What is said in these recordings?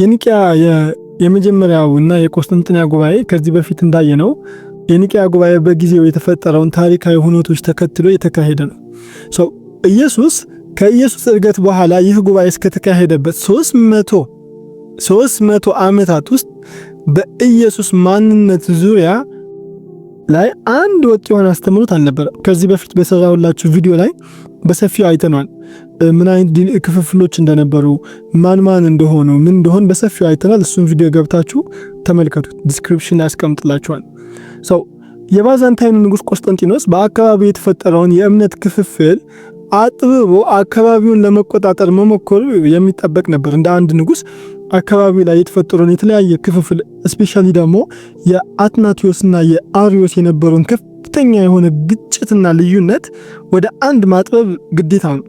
የኒቅያ የመጀመሪያው እና የቆስጥንጥንያ ጉባኤ ከዚህ በፊት ነው የኒቅያ ጉባኤ በጊዜው የተፈጠረውን ታሪካዊ ሁነቶች ተከትሎ የተካሄደ ነው። ኢየሱስ ከኢየሱስ እርገት በኋላ ይህ ጉባኤ እስከተካሄደበት 300 300 ዓመታት ውስጥ በኢየሱስ ማንነት ዙሪያ ላይ አንድ ወጥ የሆነ አስተምሮት አልነበረም። ከዚህ በፊት በሰራሁላችሁ ቪዲዮ ላይ በሰፊው አይተናል። ምን አይነት ክፍፍሎች እንደነበሩ ማን ማን እንደሆኑ ምን እንደሆን በሰፊው አይተናል። እሱን ቪዲዮ ገብታችሁ ተመልከቱት። ዲስክሪፕሽን ያስቀምጥላችኋል። ሰው የባዛንታይኑ ንጉስ ቆስጠንጢኖስ በአካባቢው የተፈጠረውን የእምነት ክፍፍል አጥብቦ አካባቢውን ለመቆጣጠር መሞከሩ የሚጠበቅ ነበር። እንደ አንድ ንጉስ አካባቢው ላይ የተፈጠረውን የተለያየ ክፍፍል ስፔሻሊ ደግሞ የአትናቲዮስና የአሪዮስ የነበረውን ክፍ ከፍተኛ የሆነ ግጭትና ልዩነት ወደ አንድ ማጥበብ ግዴታ ነው።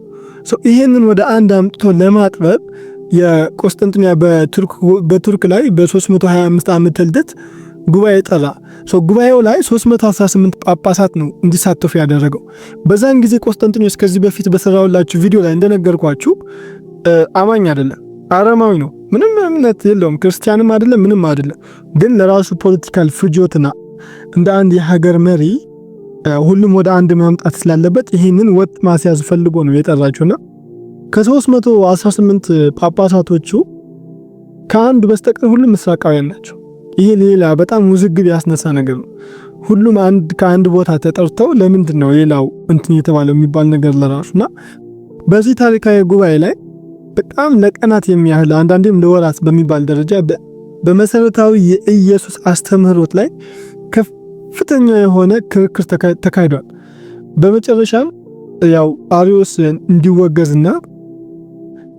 ይህንን ወደ አንድ አምጥቶ ለማጥበብ የቆስጠንጥንያ በቱርክ ላይ በ325 ዓመተ ልደት ጉባኤ ጠራ። ጉባኤው ላይ 318 ጳጳሳት ነው እንዲሳተፉ ያደረገው። በዛን ጊዜ ቆስጠንጥኒዎስ ከዚህ በፊት በሰራውላችሁ ቪዲዮ ላይ እንደነገርኳችሁ አማኝ አይደለም፣ አረማዊ ነው። ምንም እምነት የለውም፣ ክርስቲያንም አይደለም፣ ምንም አይደለም። ግን ለራሱ ፖለቲካል ፍጆትና እንደ አንድ የሀገር መሪ ሁሉም ወደ አንድ መምጣት ስላለበት ይህንን ወጥ ማስያዝ ፈልጎ ነው የጠራችሁና ከ318 ጳጳሳቶቹ ከአንዱ በስተቀር ሁሉም ምስራቃውያን ናቸው። ይሄ ሌላ በጣም ውዝግብ ያስነሳ ነገር ነው። ሁሉም አንድ ከአንድ ቦታ ተጠርተው ለምንድን ነው ሌላው እንትን የተባለው የሚባል ነገር ለራሱና በዚህ ታሪካዊ ጉባኤ ላይ በጣም ለቀናት የሚያህል አንዳንዴም ለወራት በሚባል ደረጃ በመሰረታዊ የኢየሱስ አስተምህሮት ላይ ከፍተኛ የሆነ ክርክር ተካሂዷል። በመጨረሻም ያው አሪዮስ እንዲወገዝና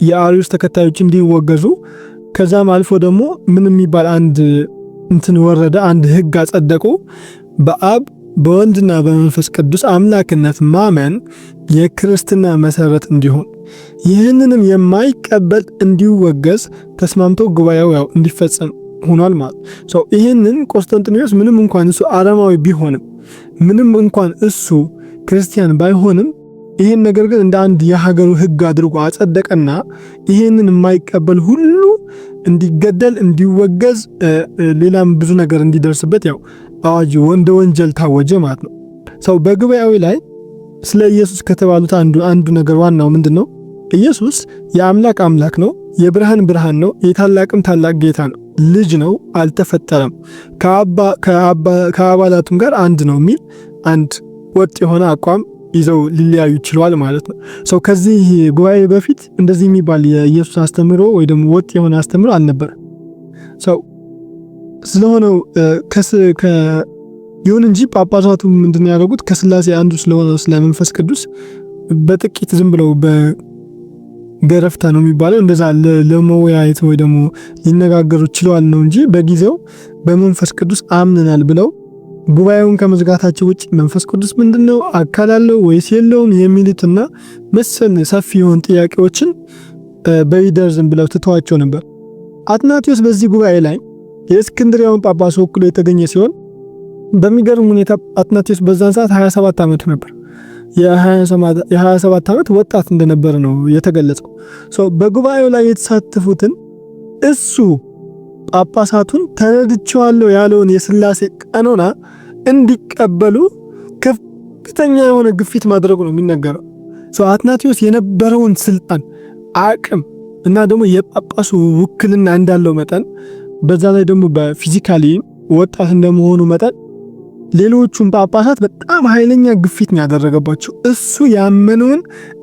የአሪዮስ ተከታዮች እንዲወገዙ ከዛም አልፎ ደግሞ ምን የሚባል አንድ እንትን ወረደ፣ አንድ ህግ አጸደቁ። በአብ በወንድና በመንፈስ ቅዱስ አምላክነት ማመን የክርስትና መሰረት እንዲሆን ይህንንም የማይቀበል እንዲወገዝ ተስማምቶ ጉባኤው ያው እንዲፈጸም ሆኗል ማለት ነው። ይህንን ቆስጠንጢኖስ ምንም እንኳን እሱ አረማዊ ቢሆንም ምንም እንኳን እሱ ክርስቲያን ባይሆንም ይህን ነገር ግን እንደ አንድ የሀገሩ ሕግ አድርጎ አጸደቀና ይህንን የማይቀበል ሁሉ እንዲገደል፣ እንዲወገዝ፣ ሌላም ብዙ ነገር እንዲደርስበት ያው አዋጅ እንደ ወንጀል ታወጀ ማለት ነው። ሰው በጉባኤው ላይ ስለ ኢየሱስ ከተባሉት አንዱ አንዱ ነገር ዋናው ምንድን ነው? ኢየሱስ የአምላክ አምላክ ነው፣ የብርሃን ብርሃን ነው፣ የታላቅም ታላቅ ጌታ ነው። ልጅ ነው አልተፈጠረም፣ ከአባላቱም ጋር አንድ ነው የሚል አንድ ወጥ የሆነ አቋም ይዘው ሊለያዩ ችሏል ማለት ነው። ሰው ከዚህ ጉባኤ በፊት እንደዚህ የሚባል የኢየሱስ አስተምሮ ወይ ደግሞ ወጥ የሆነ አስተምሮ አልነበረ። ሰው ስለሆነው ይሁን እንጂ ጳጳሳቱ ምንድን ያደረጉት ከስላሴ አንዱ ስለሆነ ስለመንፈስ ቅዱስ በጥቂት ዝም ብለው ገረፍታ ነው የሚባለው። እንደዛ ለመወያየት ወይ ደግሞ ሊነጋገሩ ችለዋል ነው እንጂ በጊዜው በመንፈስ ቅዱስ አምነናል ብለው ጉባኤውን ከመዝጋታቸው ውጭ መንፈስ ቅዱስ ምንድን ነው አካል አለው ወይስ የለውም የሚሉትና መሰል ሰፊ የሆኑ ጥያቄዎችን በይደር ብለው ትተዋቸው ነበር። አትናቴዎስ በዚህ ጉባኤ ላይ የእስክንድሪያውን ጳጳስ ወክሎ የተገኘ ሲሆን በሚገርም ሁኔታ አትናቴዎስ በዛን ሰዓት 27 ዓመቱ ነበር። የ27 ዓመት ወጣት እንደነበር ነው የተገለጸው። በጉባኤው ላይ የተሳተፉትን እሱ ጳጳሳቱን ተረድቼዋለሁ ያለውን የስላሴ ቀኖና እንዲቀበሉ ከፍተኛ የሆነ ግፊት ማድረጉ ነው የሚነገረው። አትናቴዎስ የነበረውን ስልጣን፣ አቅም እና ደግሞ የጳጳሱ ውክልና እንዳለው መጠን በዛ ላይ ደግሞ በፊዚካሊ ወጣት እንደመሆኑ መጠን ሌሎቹን ጳጳሳት በጣም ኃይለኛ ግፊት ያደረገባቸው እሱ ያመነውን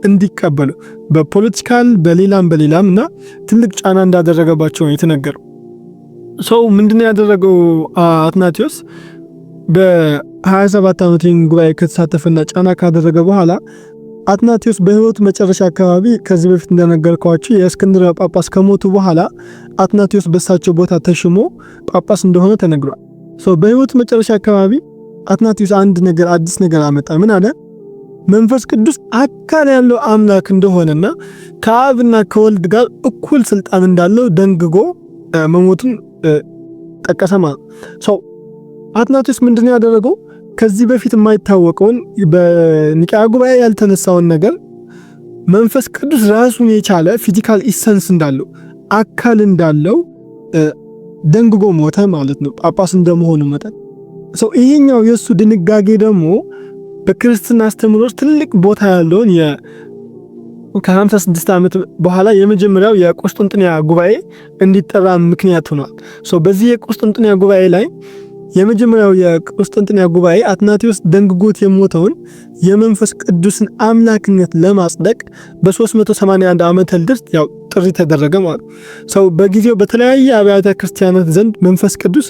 እንዲቀበሉ በፖለቲካል በሌላም በሌላም እና ትልቅ ጫና እንዳደረገባቸው ነው የተነገረው። ሰው ምንድነው ያደረገው አትናቴዎስ በ27 ዓመት ጉባኤ ከተሳተፈና ጫና ካደረገ በኋላ አትናቴዎስ በህይወቱ መጨረሻ አካባቢ ከዚህ በፊት እንደነገርኳቸው የእስክንድርያ ጳጳስ ከሞቱ በኋላ አትናቴዎስ በሳቸው ቦታ ተሽሞ ጳጳስ እንደሆነ ተነግሯል። በሕይወቱ መጨረሻ አካባቢ አትናቲዩስ አንድ ነገር አዲስ ነገር አመጣ። ምን አለ? መንፈስ ቅዱስ አካል ያለው አምላክ እንደሆነና ከአብና ከወልድ ጋር እኩል ስልጣን እንዳለው ደንግጎ መሞቱን ጠቀሰማ ሰው አትናቲዩስ ምንድን ያደረገው ከዚህ በፊት የማይታወቀውን በኒቅያ ጉባኤ ያልተነሳውን ነገር መንፈስ ቅዱስ ራሱን የቻለ ፊዚካል ኢሰንስ እንዳለው አካል እንዳለው ደንግጎ ሞተ ማለት ነው። ጳጳስ እንደመሆኑ መጠን ሰው ይሄኛው የእሱ ድንጋጌ ደግሞ በክርስትና አስተምህሮች ትልቅ ቦታ ያለውን ከ56 ዓመት በኋላ የመጀመሪያው የቁስጥንጥንያ ጉባኤ እንዲጠራ ምክንያት ሆኗል። በዚህ የቁስጥንጥንያ ጉባኤ ላይ የመጀመሪያው የቁስጥንጥንያ ጉባኤ አትናቴዎስ ደንግጎት የሞተውን የመንፈስ ቅዱስን አምላክነት ለማጽደቅ በ381 ዓመተ ልደት ያው ጥሪ ተደረገ ማለት ነው። ሰው በጊዜው በተለያየ አብያተ ክርስቲያናት ዘንድ መንፈስ ቅዱስ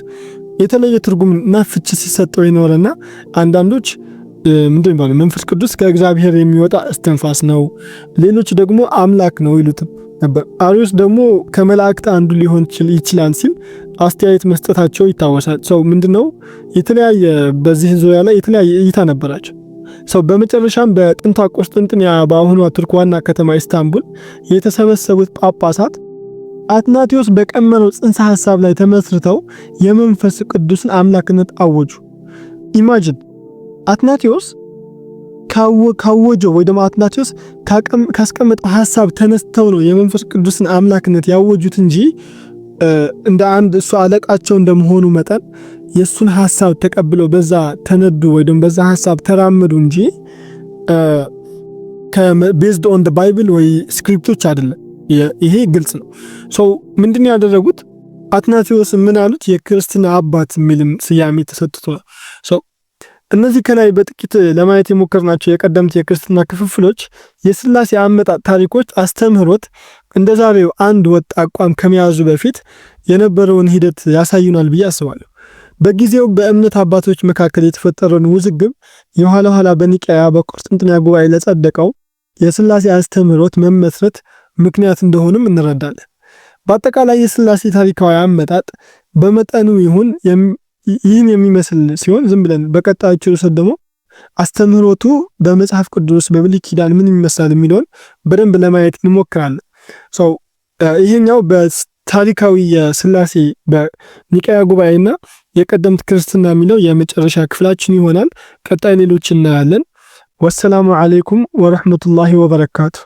የተለየ ትርጉምና ፍች ሲሰጠው ይኖረና አንዳንዶች ምንድን ነው መንፈስ ቅዱስ ከእግዚአብሔር የሚወጣ እስትንፋስ ነው፣ ሌሎች ደግሞ አምላክ ነው ይሉትም ነበር። አሪዮስ ደግሞ ከመላእክት አንዱ ሊሆን ይችላል ሲል አስተያየት መስጠታቸው ይታወሳል። ሰው ምንድነው የተለያየ በዚህ ዙሪያ ላይ የተለያየ እይታ ነበራቸው። ሰው በመጨረሻም በጥንቷ ቆስጥንጥንያ በአሁኗ ቱርክ ዋና ከተማ ኢስታንቡል የተሰበሰቡት ጳጳሳት አትናቴዎስ በቀመነው ጽንሰ ሐሳብ ላይ ተመስርተው የመንፈስ ቅዱስን አምላክነት አወጁ። ኢማጅን አትናቴዎስ ካወጀው ወይ ደግሞ አትናቴዎስ ካስቀመጠው ሐሳብ ተነስተው ነው የመንፈስ ቅዱስን አምላክነት ያወጁት እንጂ እንደ አንድ እሱ አለቃቸው እንደመሆኑ መጠን የእሱን ሐሳብ ተቀብለው በዛ ተነዱ ወይ ደግሞ በዛ ሐሳብ ተራመዱ እንጂ ቤዝድ ኦን ባይብል ወይ ስክሪፕቶች አይደለም። ይሄ ግልጽ ነው። ሰው ምንድን ያደረጉት አትናቴዎስ ምን አሉት? የክርስትና አባት የሚልም ስያሜ ተሰጥቷል። ሰው እነዚህ ከላይ በጥቂት ለማየት የሞከርናቸው የቀደምት የክርስትና ክፍፍሎች የስላሴ አመጣጥ ታሪኮች አስተምህሮት እንደ ዛሬው አንድ ወጥ አቋም ከመያዙ በፊት የነበረውን ሂደት ያሳዩናል ብዬ አስባለሁ። በጊዜው በእምነት አባቶች መካከል የተፈጠረውን ውዝግብ የኋላ ኋላ በኒቅያ በቁስጥንጥንያ ጉባኤ ለጸደቀው የስላሴ አስተምህሮት መመስረት ምክንያት እንደሆንም እንረዳለን። በአጠቃላይ የስላሴ ታሪካዊ አመጣጥ በመጠኑ ይሁን ይህን የሚመስል ሲሆን ዝም ብለን በቀጣዮች ርዕሶች ደግሞ አስተምህሮቱ በመጽሐፍ ቅዱስ በብሉይ ኪዳን ምን ይመስላል የሚለውን በደንብ ለማየት እንሞክራለን። ሰው ይሄኛው በታሪካዊ የስላሴ በኒቃያ ጉባኤና የቀደምት ክርስትና የሚለው የመጨረሻ ክፍላችን ይሆናል። ቀጣይ ሌሎች እናያለን። ወሰላሙ ዓለይኩም ወረሕመቱላሂ ወበረካቱ።